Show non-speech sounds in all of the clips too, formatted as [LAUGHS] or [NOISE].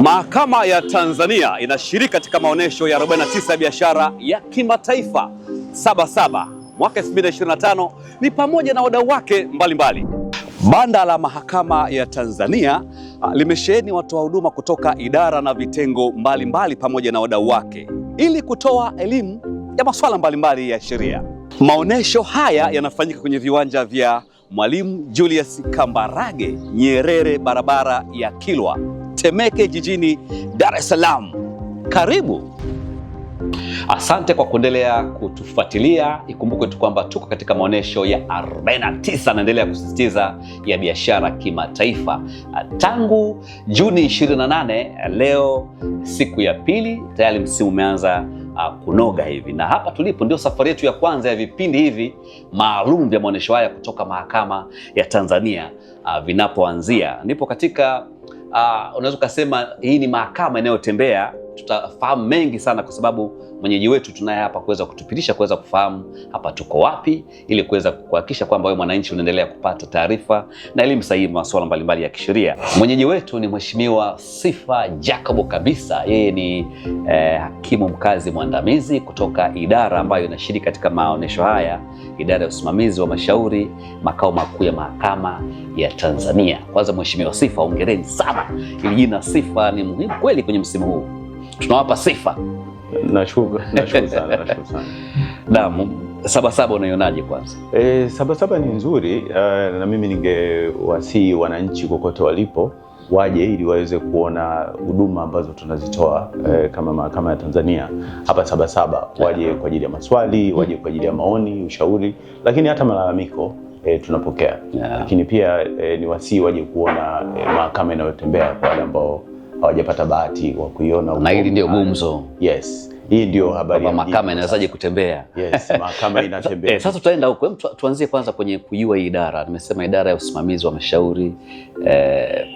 Mahakama ya Tanzania inashiriki katika maonyesho ya 49 ya biashara ya kimataifa Sabasaba mwaka 2025 ni pamoja na wadau wake mbalimbali. Banda la Mahakama ya Tanzania ah, limesheheni watoa huduma kutoka idara na vitengo mbalimbali mbali pamoja na wadau wake ili kutoa elimu ya masuala mbalimbali ya sheria. Maonyesho haya yanafanyika kwenye viwanja vya Mwalimu Julius Kambarage Nyerere, barabara ya Kilwa. Temeke jijini Dar es Salaam. Karibu. Asante kwa kuendelea kutufuatilia. Ikumbukwe tu kwamba tuko katika maonyesho ya 49 naendelea kusisitiza ya biashara kimataifa ah, tangu Juni 28. Ah, leo siku ya pili, tayari msimu umeanza ah, kunoga hivi, na hapa tulipo ndio safari yetu ya kwanza ya vipindi hivi maalum vya maonyesho haya kutoka Mahakama ya Tanzania vinapoanzia. Nipo katika uh, unaweza ukasema hii ni mahakama inayotembea. Tutafahamu mengi sana kwa sababu mwenyeji wetu tunaye hapa kuweza kutupitisha kuweza kufahamu hapa tuko wapi, ili kuweza kuhakikisha kwamba wewe mwananchi unaendelea kupata taarifa na elimu sahihi masuala mbalimbali ya kisheria. Mwenyeji wetu ni Mheshimiwa Sifa Jacobo Kabisa, yeye ni eh, hakimu mkazi mwandamizi kutoka idara ambayo inashiriki katika maonesho haya, idara ya usimamizi wa mashauri, makao makuu ya mahakama ya Tanzania. Kwanza Mheshimiwa Sifa, ongereni sana. Ili jina Sifa ni muhimu kweli kwenye msimu huu, tunawapa sifa Nashukuru, nashukuru sana, [LAUGHS] Naam, Saba Saba Sabasaba unaionaje kwanza? E, Sabasaba ni nzuri uh, na mimi ningewasihi wananchi kokote walipo waje ili waweze kuona huduma ambazo tunazitoa eh, kama mahakama ya Tanzania hapa saba saba waje kwa ajili ya maswali, waje kwa ajili ya maoni, ushauri, lakini hata malalamiko eh, tunapokea yeah. Lakini pia eh, ni wasii waje kuona eh, mahakama inayotembea kwa wale ambao hawajapata bahati wa kuiona, na hili ndio gumzo. Yes, hii ndio habari ya mahakama inawezaje kutembea. Yes, [LAUGHS] mahakama inatembea. Eh, sasa tutaenda huko, tuanzie kwanza kwenye kujua hii idara. Nimesema idara ya usimamizi wa mashauri eh,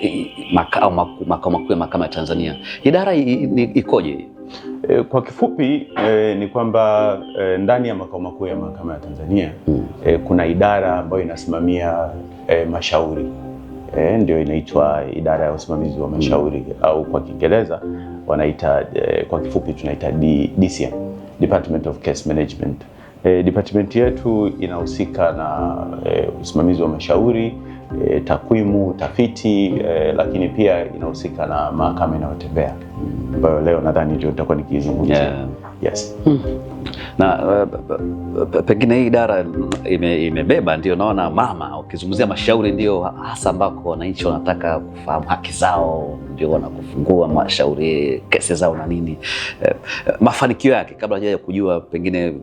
makao makuu ya mahakama ya Tanzania. Idara ikoje? Eh, kwa kifupi eh, ni kwamba eh, ndani ya makao makuu ya mahakama ya Tanzania hmm. eh, kuna idara ambayo inasimamia eh, mashauri e, ndio inaitwa idara ya usimamizi wa mashauri mm. au kwa Kiingereza wanaita e, kwa kifupi tunaita DCM, Department of Case Management. E, department yetu inahusika na e, usimamizi wa mashauri e, takwimu, tafiti e, lakini pia inahusika na mahakama inayotembea ambayo leo nadhani ndio nitakuwa nikizungumzia. Yes. Mm na eh, pengine hii idara imebeba ime, ndio naona mama, ukizungumzia mashauri ndio hasa ambako wananchi wanataka kufahamu haki zao, ndio wanakufungua mashauri kesi zao na nini, eh, eh, mafanikio yake kabla haja kujua pengine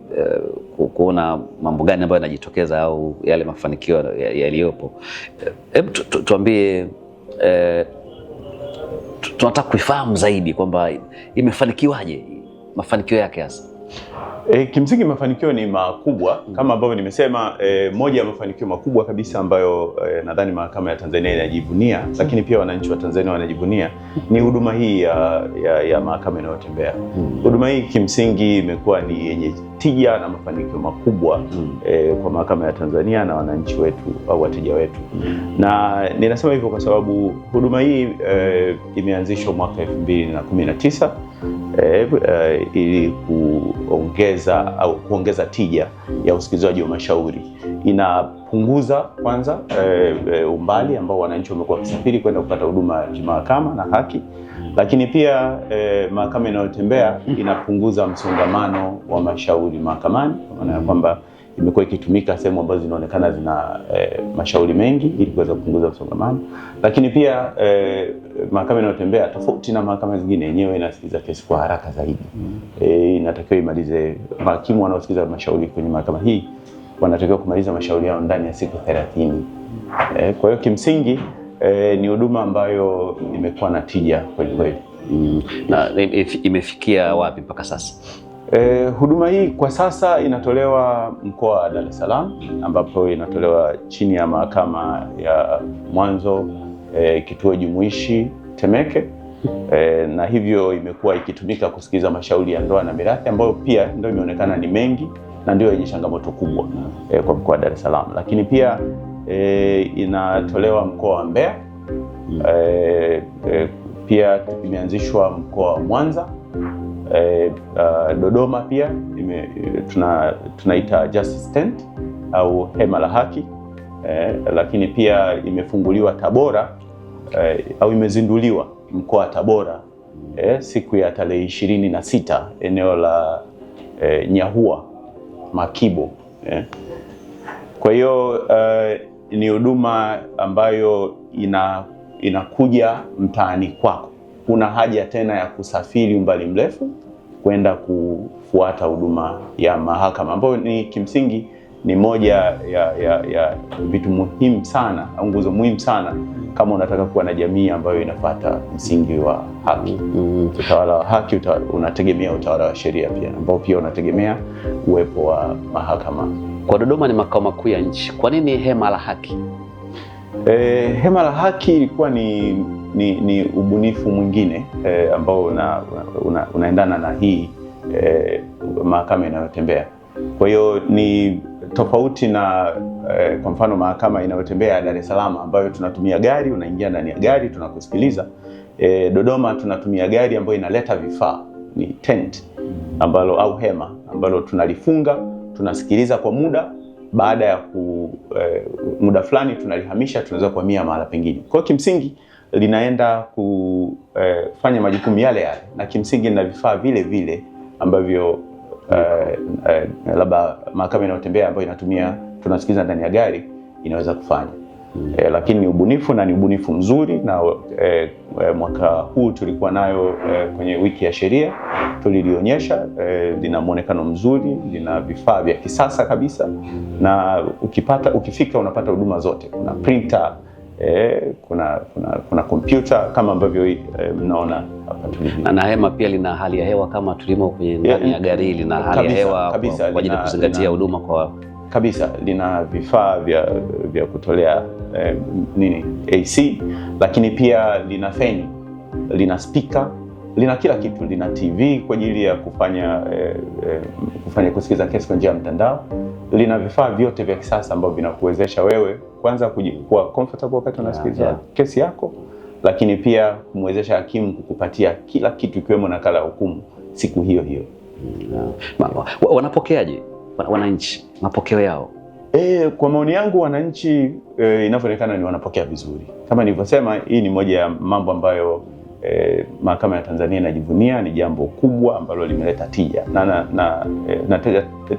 kuona mambo gani ambayo yanajitokeza au yale mafanikio yaliyopo, hebu tuambie tunataka kuifahamu zaidi kwamba imefanikiwaje, mafanikio yake hasa. E, kimsingi mafanikio ni makubwa kama ambavyo nimesema. E, moja ya mafanikio makubwa kabisa ambayo e, nadhani mahakama ya Tanzania inajivunia lakini pia wananchi wa Tanzania wanajivunia ni huduma hii ya, ya, ya mahakama inayotembea. Hmm. Huduma hii kimsingi imekuwa ni yenye tija na mafanikio makubwa e, kwa mahakama ya Tanzania na wananchi wetu au wateja wetu, hmm. na ninasema hivyo kwa sababu huduma hii e, imeanzishwa mwaka 2019 e, e, ili ku kuongeza au kuongeza tija ya usikilizwaji wa mashauri. Inapunguza kwanza e, e, umbali ambao wananchi wamekuwa wakisafiri kwenda kupata huduma ya kimahakama na haki, lakini pia e, mahakama inayotembea inapunguza msongamano wa mashauri mahakamani kwa maana ya kwamba imekuwa ikitumika sehemu ambazo zinaonekana zina e, mashauri mengi ili kuweza kupunguza msongamano. Lakini pia e, mahakama inayotembea tofauti na mahakama zingine, yenyewe inasikiliza kesi kwa haraka zaidi E, inatakiwa imalize. Mahakimu wanaosikiliza mashauri kwenye mahakama hii wanatakiwa kumaliza mashauri yao ndani ya siku 30. E, kwa hiyo kimsingi e, ni huduma ambayo imekuwa na tija kweli kweli mm. na imefikia wapi mpaka sasa? Eh, huduma hii kwa sasa inatolewa mkoa wa Dar es Salaam ambapo inatolewa chini ya mahakama ya mwanzo eh, kituo jumuishi Temeke eh, na hivyo imekuwa ikitumika kusikiliza mashauri ya ndoa na mirathi ambayo pia ndio imeonekana ni mengi na ndio yenye changamoto kubwa eh, kwa mkoa wa Dar es Salaam, lakini pia eh, inatolewa mkoa wa Mbeya hmm. eh, eh, pia imeanzishwa mkoa wa Mwanza eh, uh, Dodoma pia ime, tuna, tunaita Justice Tent au hema la haki eh, lakini pia imefunguliwa Tabora eh, au imezinduliwa mkoa wa Tabora eh, siku ya tarehe ishirini na sita eneo la eh, Nyahua Makibo eh. Kwa hiyo e, ni huduma ambayo ina, inakuja mtaani kwako huna haja tena ya kusafiri umbali mrefu kwenda kufuata huduma ya mahakama ambayo ni kimsingi ni moja ya, ya, ya vitu muhimu sana au nguzo muhimu sana kama unataka kuwa na jamii ambayo inapata msingi wa haki. Mm. Utawala wa haki utawala, unategemea utawala wa sheria pia ambao pia unategemea uwepo wa mahakama. Kwa Dodoma ni makao makuu ya nchi, kwa nini hema la haki? E, hema la haki ilikuwa ni ni, ni ubunifu mwingine eh, ambao una, una, unaendana na hii eh, mahakama inayotembea. Kwa hiyo ni tofauti na eh, kwa mfano mahakama inayotembea ya Dar es Salaam ambayo tunatumia gari, unaingia ndani ya gari tunakusikiliza. Eh, Dodoma tunatumia gari ambayo inaleta vifaa, ni tent ambalo au hema ambalo tunalifunga, tunasikiliza kwa muda baada ya ku, eh, muda fulani tunalihamisha, tunaweza kuhamia mahala pengine. Kwa kimsingi linaenda kufanya eh, majukumu yale yale na kimsingi na vifaa vile vile ambavyo Uh, uh, labda mahakama inayotembea ambayo inatumia tunasikiliza ndani ya gari inaweza kufanya mm. Eh, lakini ni ubunifu na ni ubunifu mzuri na eh, mwaka huu tulikuwa nayo eh, kwenye wiki ya sheria tulilionyesha, eh, lina muonekano mzuri, lina vifaa vya kisasa kabisa, na ukipata ukifika unapata huduma zote, kuna printer E, kuna kuna kuna kompyuta kama ambavyo e, mnaona hapa tulivyo, na hema pia lina hali ya hewa kama tulimo kwenye ndani ya gari, lina hali kabisa, ya hewa kabisa, kwa ajili ya kuzingatia huduma kwa kabisa, lina vifaa vya vya kutolea e, nini AC, lakini pia lina feni, lina spika, lina kila kitu, lina TV kwa ajili ya kufanya e, e, kufanya kusikiza kesi kwa njia ya mtandao, lina vifaa vyote vya kisasa ambavyo vinakuwezesha wewe kwanza kuwa comfortable wakati unasikiliza yeah, yeah. kesi yako, lakini pia kumwezesha hakimu kukupatia kila kitu ikiwemo nakala ya hukumu siku hiyo hiyo. Mm, yeah. Ma, wanapokeaje wananchi mapokeo yao? E, kwa maoni yangu wananchi e, inavyoonekana ni wanapokea vizuri. Kama nilivyosema, hii ni moja ya mambo ambayo eh, mahakama ya Tanzania inajivunia, ni jambo kubwa ambalo limeleta tija na, na, na, e, na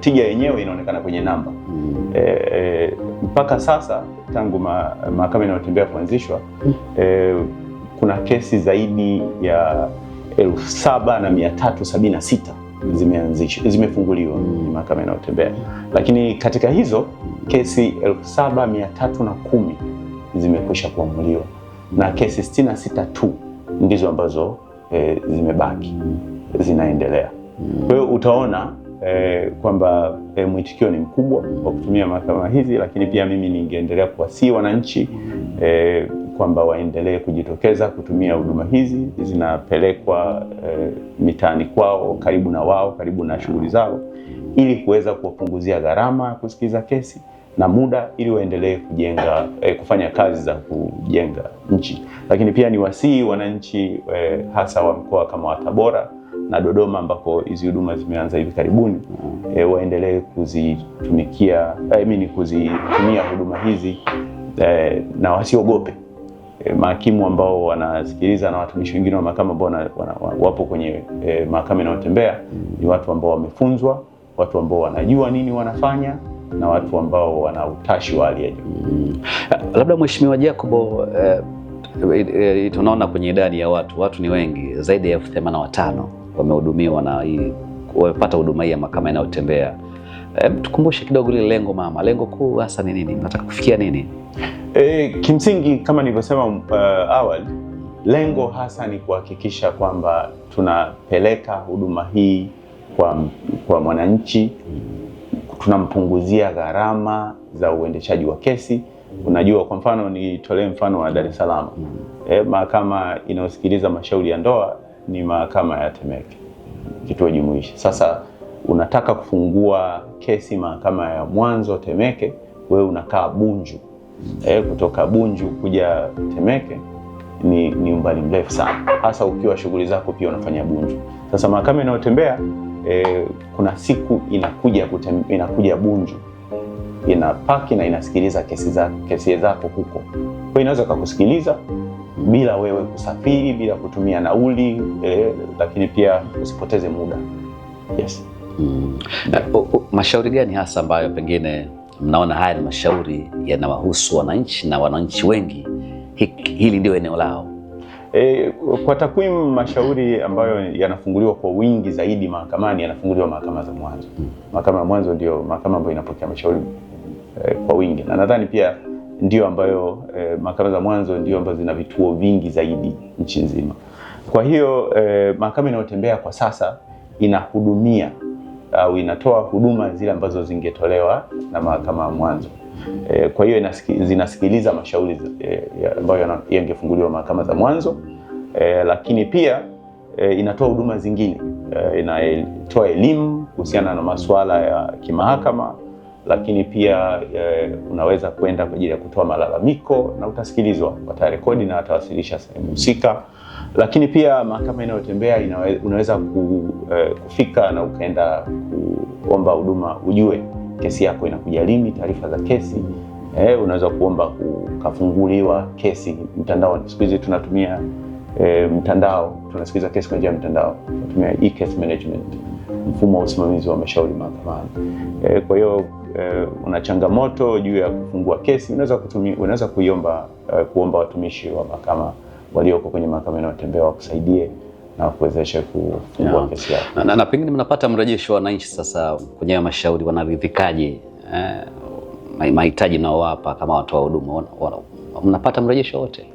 tija yenyewe inaonekana kwenye namba eh, eh, mpaka sasa tangu ma, mahakama inayotembea kuanzishwa eh, kuna kesi zaidi ya elfu saba na mia tatu sabini na sita zimeanzishwa zimefunguliwa mm. mahakama inayotembea, lakini katika hizo kesi elfu saba mia tatu na kumi zimekwisha kuamuliwa na kesi sitini na sita tu ndizo ambazo e, zimebaki zinaendelea. Kwa hiyo utaona e, kwamba e, mwitikio ni mkubwa wa kutumia mahakama hizi, lakini pia mimi ningeendelea kuwasii wananchi e, kwamba waendelee kujitokeza kutumia huduma hizi, zinapelekwa e, mitaani kwao, karibu na wao, karibu na shughuli zao, ili kuweza kuwapunguzia gharama ya kusikiza kesi na muda ili waendelee kujenga eh, kufanya kazi za kujenga nchi. Lakini pia ni wasihi wananchi eh, hasa wa mkoa kama wa Tabora na Dodoma ambako hizi huduma zimeanza hivi karibuni mm-hmm. eh, waendelee kuzitumikia eh, mimi kuzitumia huduma hizi eh, na wasiogope eh, mahakimu ambao wanasikiliza na watumishi wengine wa mahakama ambao wapo kwenye eh, mahakama inayotembea mm-hmm. ni watu ambao wamefunzwa, watu ambao wanajua nini wanafanya na watu ambao wana utashi wa hali ya juu mm. Labda Mheshimiwa Jacobo eh, eh, eh, tunaona kwenye idadi ya watu, watu ni wengi zaidi ya elfu themanini na watano wamehudumiwa na hii wamepata huduma hii ya mahakama inayotembea. Eh, tukumbushe kidogo lile lengo mama, lengo kuu hasa ni nini? Nataka kufikia nini? E, kimsingi kama nilivyosema uh, awali lengo hasa ni kuhakikisha kwamba tunapeleka huduma hii kwa, kwa mwananchi tunampunguzia gharama za uendeshaji wa kesi. Unajua, kwa mfano nitolee mfano wa Dar es Salaam mm eh, mahakama inayosikiliza mashauri ya ndoa ni mahakama ya Temeke kituo jumuishi. Sasa unataka kufungua kesi mahakama ya mwanzo Temeke, wewe unakaa Bunju eh, kutoka Bunju kuja Temeke ni, ni umbali mrefu sana, hasa ukiwa shughuli zako pia unafanya Bunju. Sasa mahakama inayotembea eh, kuna siku inakuja kutem, inakuja Bunju inapaki na inasikiliza kesi zako kesi zako huko. Kwa inaweza kukusikiliza bila wewe kusafiri, bila kutumia nauli eh, lakini pia usipoteze muda yes. Mm. Mashauri gani hasa ambayo pengine mnaona haya ni mashauri yanawahusu wananchi na wananchi wengi hili ndio eneo lao? E, kwa takwimu mashauri ambayo yanafunguliwa kwa wingi zaidi mahakamani yanafunguliwa mahakama za mwanzo. Mahakama ya mwanzo ndio mahakama ambayo inapokea mashauri e, kwa wingi, na nadhani pia ndio ambayo e, mahakama za mwanzo ndio ambazo zina vituo vingi zaidi nchi nzima. Kwa hiyo e, mahakama inayotembea kwa sasa inahudumia au inatoa huduma zile ambazo zingetolewa na mahakama ya mwanzo. E, kwa hiyo zinasikiliza mashauri eh, ambayo e, yangefunguliwa mahakama za mwanzo e, lakini pia e, inatoa huduma zingine e, inatoa elimu kuhusiana na masuala ya kimahakama, lakini pia e, unaweza kwenda kwa ajili ya kutoa malalamiko na utasikilizwa, watarekodi na watawasilisha sehemu husika lakini pia mahakama inayotembea unaweza kufika na ukaenda kuomba huduma ujue kesi yako inakuja lini, taarifa za kesi eh, unaweza kuomba kukafunguliwa kesi mtandao Siku hizi tunatumia eh, mtandao, tunasikiliza kesi kwa njia ya mtandao, tunatumia e-case management, mfumo wa usimamizi wa mashauri mahakamani. Eh, kwa hiyo eh, una changamoto juu ya kufungua kesi, unaweza kutumia, unaweza kuiomba eh, kuomba watumishi wa mahakama walioko kwenye mahakama inayotembea wakusaidie na kuwezesha kufungua kesi yao. Na, na, na pengine mnapata mrejesho wa wananchi sasa kwenye mashauri wanaridhikaje eh, mahitaji naowapa kama watoa huduma mnapata mrejesho wote?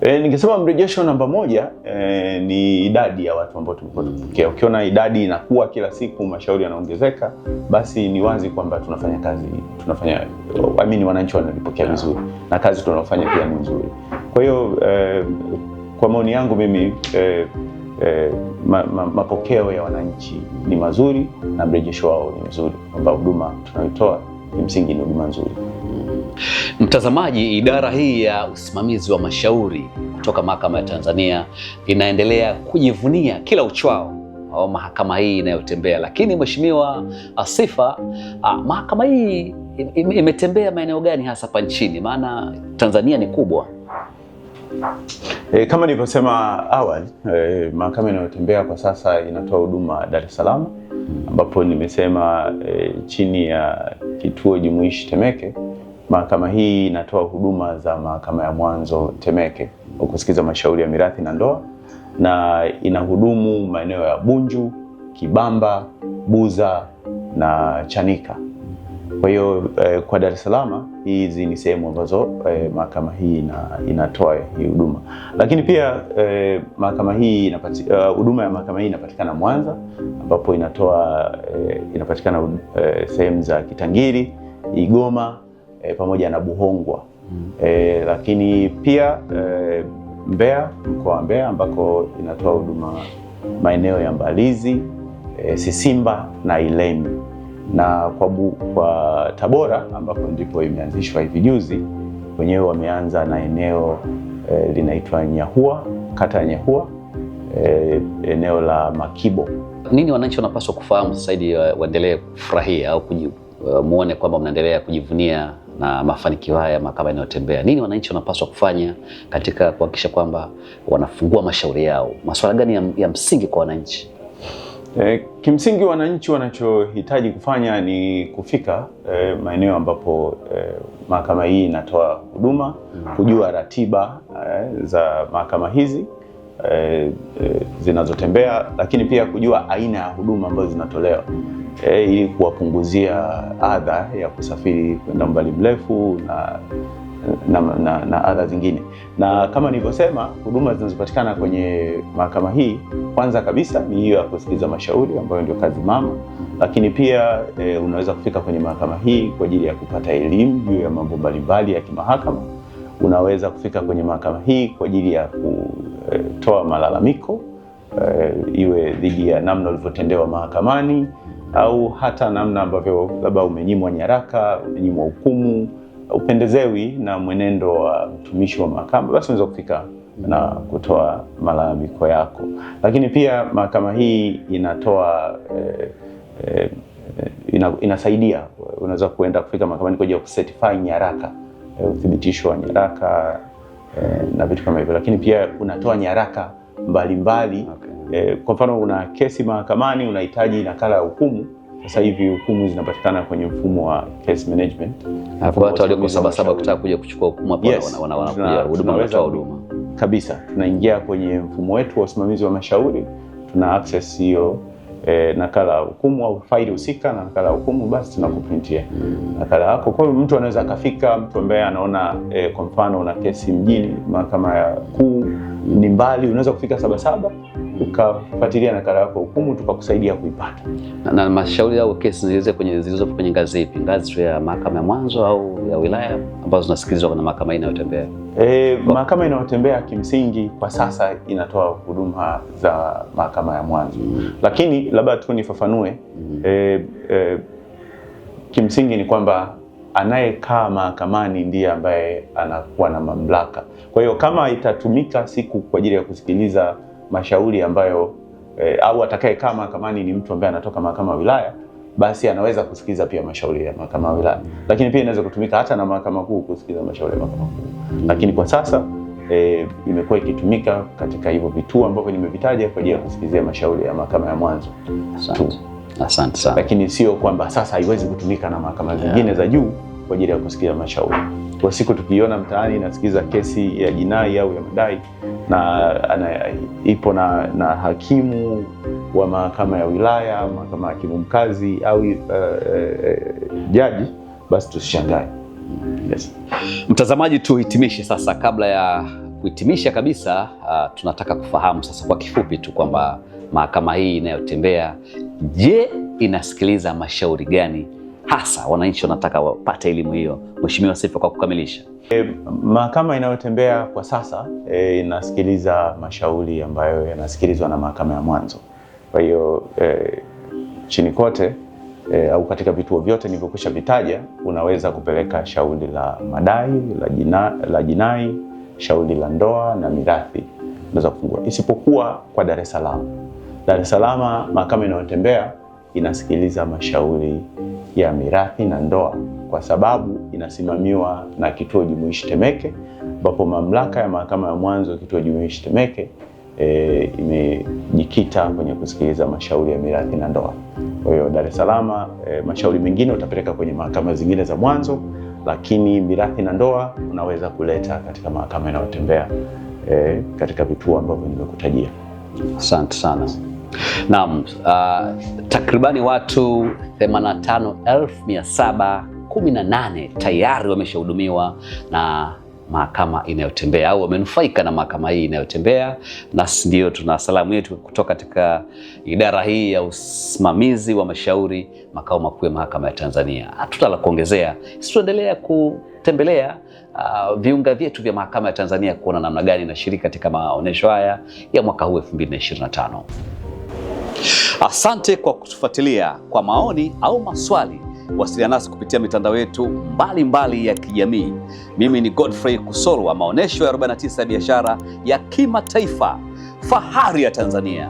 E, ningesema mrejesho namba moja e, ni idadi ya watu ambao tumekuwa tukipokea. Ukiona idadi inakuwa kila siku, mashauri yanaongezeka, basi ni wazi kwamba tunafanya kazi, tunafanya amini, wananchi wanalipokea vizuri na kazi tunaofanya pia ni nzuri. Kwa hiyo e, kwa maoni yangu mimi e, eh, ma, ma, mapokeo ya wananchi ni mazuri na mrejesho wao ni mzuri, kwamba huduma tunayotoa kimsingi ni huduma nzuri. Mm-hmm. Mtazamaji, idara hii ya usimamizi wa mashauri kutoka Mahakama ya Tanzania inaendelea kujivunia kila uchwao au mahakama hii inayotembea. Lakini Mheshimiwa Asifa, ah, mahakama hii imetembea maeneo gani hasa hapa nchini? Maana Tanzania ni kubwa. E, kama nilivyosema awali e, mahakama inayotembea kwa sasa inatoa huduma Dar es Salaam ambapo nimesema e, chini ya kituo jumuishi Temeke mahakama hii inatoa huduma za mahakama ya mwanzo Temeke kwa kusikiza mashauri ya mirathi na ndoa na inahudumu maeneo ya Bunju, Kibamba, Buza na Chanika. Kwa hiyo eh, kwa Dar es Salaam hizi ni sehemu ambazo eh, mahakama hii ina, inatoa hii huduma, lakini pia eh, mahakama hii eh, huduma uh, ya mahakama hii inapatikana Mwanza ambapo inatoa eh, inapatikana eh, sehemu za Kitangiri, Igoma eh, pamoja na Buhongwa hmm. eh, lakini pia eh, Mbeya, mkoa wa Mbeya ambako inatoa huduma maeneo ya Mbalizi eh, Sisimba na ilemi na kwa, bu, kwa Tabora ambapo ndipo imeanzishwa hivi juzi, wenyewe wameanza na eneo e, linaitwa Nyahua, kata ya Nyahua e, eneo la Makibo. Nini wananchi wanapaswa kufahamu sasa hivi eh, waendelee kufurahia au muone kwamba mnaendelea kujivunia na mafanikio haya mahakama inayotembea? Nini wananchi wanapaswa kufanya katika kuhakikisha kwamba wanafungua mashauri yao? Masuala gani ya, ya msingi kwa wananchi? E, kimsingi wananchi wanachohitaji kufanya ni kufika e, maeneo ambapo e, mahakama hii inatoa huduma, kujua ratiba e, za mahakama hizi e, e, zinazotembea, lakini pia kujua aina ya huduma ambazo zinatolewa e, ili kuwapunguzia adha ya kusafiri kwenda umbali mrefu na na, na, na adha zingine. Na kama nilivyosema, huduma zinazopatikana kwenye mahakama hii kwanza kabisa ni hiyo ya kusikiliza mashauri ambayo ndio kazi mama, lakini pia e, unaweza kufika kwenye mahakama hii kwa ajili ya kupata elimu juu ya mambo mbalimbali ya kimahakama. Unaweza kufika kwenye mahakama hii kwa ajili ya kutoa eh, malalamiko e, iwe dhidi ya namna ulivyotendewa mahakamani au hata namna ambavyo labda umenyimwa nyaraka, umenyimwa hukumu upendezewi na mwenendo wa mtumishi wa mahakama, basi unaweza kufika na kutoa malalamiko yako. Lakini pia mahakama hii inatoa eh, eh, inasaidia, unaweza kuenda kufika mahakamani kwa ajili ya kusetify nyaraka, eh, uthibitisho wa nyaraka eh, na vitu kama hivyo, lakini pia unatoa nyaraka mbalimbali mbali. Okay. Eh, kwa mfano una kesi mahakamani, unahitaji nakala ya hukumu sasa hivi hukumu zinapatikana kwenye mfumo wa case management. Na kwa watu walioko saba saba kutaka kuja kuchukua hukumu hapo, yes, wanakuja huduma wanatoa huduma kabisa. Tunaingia kwenye mfumo wetu wa usimamizi wa mashauri, tuna access hiyo E, nakala hukumu au faili husika na nakala hukumu, basi tunakuprintia nakala yako. Kwa hiyo mtu anaweza akafika, mtu ambaye anaona e, kwa mfano una kesi mjini mahakama ya kuu ni mbali, unaweza kufika saba saba ukafuatilia nakala yako hukumu tukakusaidia kuipata. Na, na mashauri au kesi zilizo kwenye zilizo kwenye ngazi ipi? Ngazi ya mahakama ya mwanzo au ya wilaya ambazo zinasikilizwa na mahakama inayotembea? Eh, mahakama inayotembea kimsingi kwa sasa inatoa huduma za mahakama ya mwanzo mm. Lakini labda tu nifafanue mm. eh, eh, kimsingi ni kwamba anayekaa mahakamani ndiye ambaye anakuwa na mamlaka. Kwa hiyo kama itatumika siku kwa ajili ya kusikiliza mashauri ambayo eh, au atakayekaa mahakamani ni mtu ambaye anatoka mahakama ya wilaya, basi anaweza kusikiliza pia mashauri ya mahakama ya wilaya, lakini pia inaweza kutumika hata na mahakama kuu kusikiliza mashauri ya mahakama kuu, lakini kwa sasa E, imekuwa ikitumika katika hivyo vituo ambavyo nimevitaja kwa ajili ya kusikilizia mashauri ya mahakama ya mwanzo Asante. Asante sana. Lakini sio kwamba sasa haiwezi kutumika na mahakama zingine yeah, za juu kwa ajili ya kusikia mashauri. Kwa siku tukiiona mtaani nasikiza kesi ya jinai au ya madai na, ana, ipo na, na hakimu wa mahakama ya wilaya, mahakama ya hakimu mkazi au uh, uh, jaji, basi tusishangae. Yes. Mtazamaji, tuhitimishe sasa, kabla ya kuhitimisha kabisa, uh, tunataka kufahamu sasa kwa kifupi tu kwamba mahakama hii inayotembea, je, inasikiliza mashauri gani hasa wananchi wanataka wapate elimu hiyo. Mheshimiwa Sefa, kwa kukamilisha, e, mahakama inayotembea kwa sasa e, inasikiliza mashauri ambayo yanasikilizwa na mahakama ya mwanzo. Kwa hiyo e, chini kote E, au katika vituo vyote nilivyokwisha vitaja unaweza kupeleka shauri la madai la jina, la jinai, shauri la ndoa na mirathi unaweza kufungua, isipokuwa kwa Dar es Salaam. Dar es Salaam mahakama inayotembea inasikiliza mashauri ya mirathi na ndoa kwa sababu inasimamiwa na kituo jumuishi Temeke, ambapo mamlaka ya mahakama ya mwanzo kituo jumuishi Temeke e, imejikita kwenye kusikiliza mashauri ya mirathi na ndoa. Kwa hiyo Dar es Salaam e, mashauri mengine utapeleka kwenye mahakama zingine za mwanzo, lakini mirathi na ndoa unaweza kuleta katika mahakama inayotembea e, katika vituo ambavyo nimekutajia. Asante sana. Naam, uh, takribani watu 85,718 tayari wameshahudumiwa na mahakama inayotembea au wamenufaika na mahakama hii inayotembea. Nasi ndio tuna salamu yetu kutoka katika idara hii ya usimamizi wa mashauri, makao makuu ya mahakama ya Tanzania. la kuongezea, sisi tuendelea kutembelea uh, viunga vyetu vya mahakama ya Tanzania kuona namna gani inashiriki katika maonyesho haya ya mwaka huu 2025. Asante kwa kutufuatilia. Kwa maoni au maswali, wasiliana nasi kupitia mitandao yetu mbalimbali ya kijamii. Mimi ni Godfrey Kusolwa, maonyesho ya 49 ya biashara ya kimataifa, fahari ya Tanzania.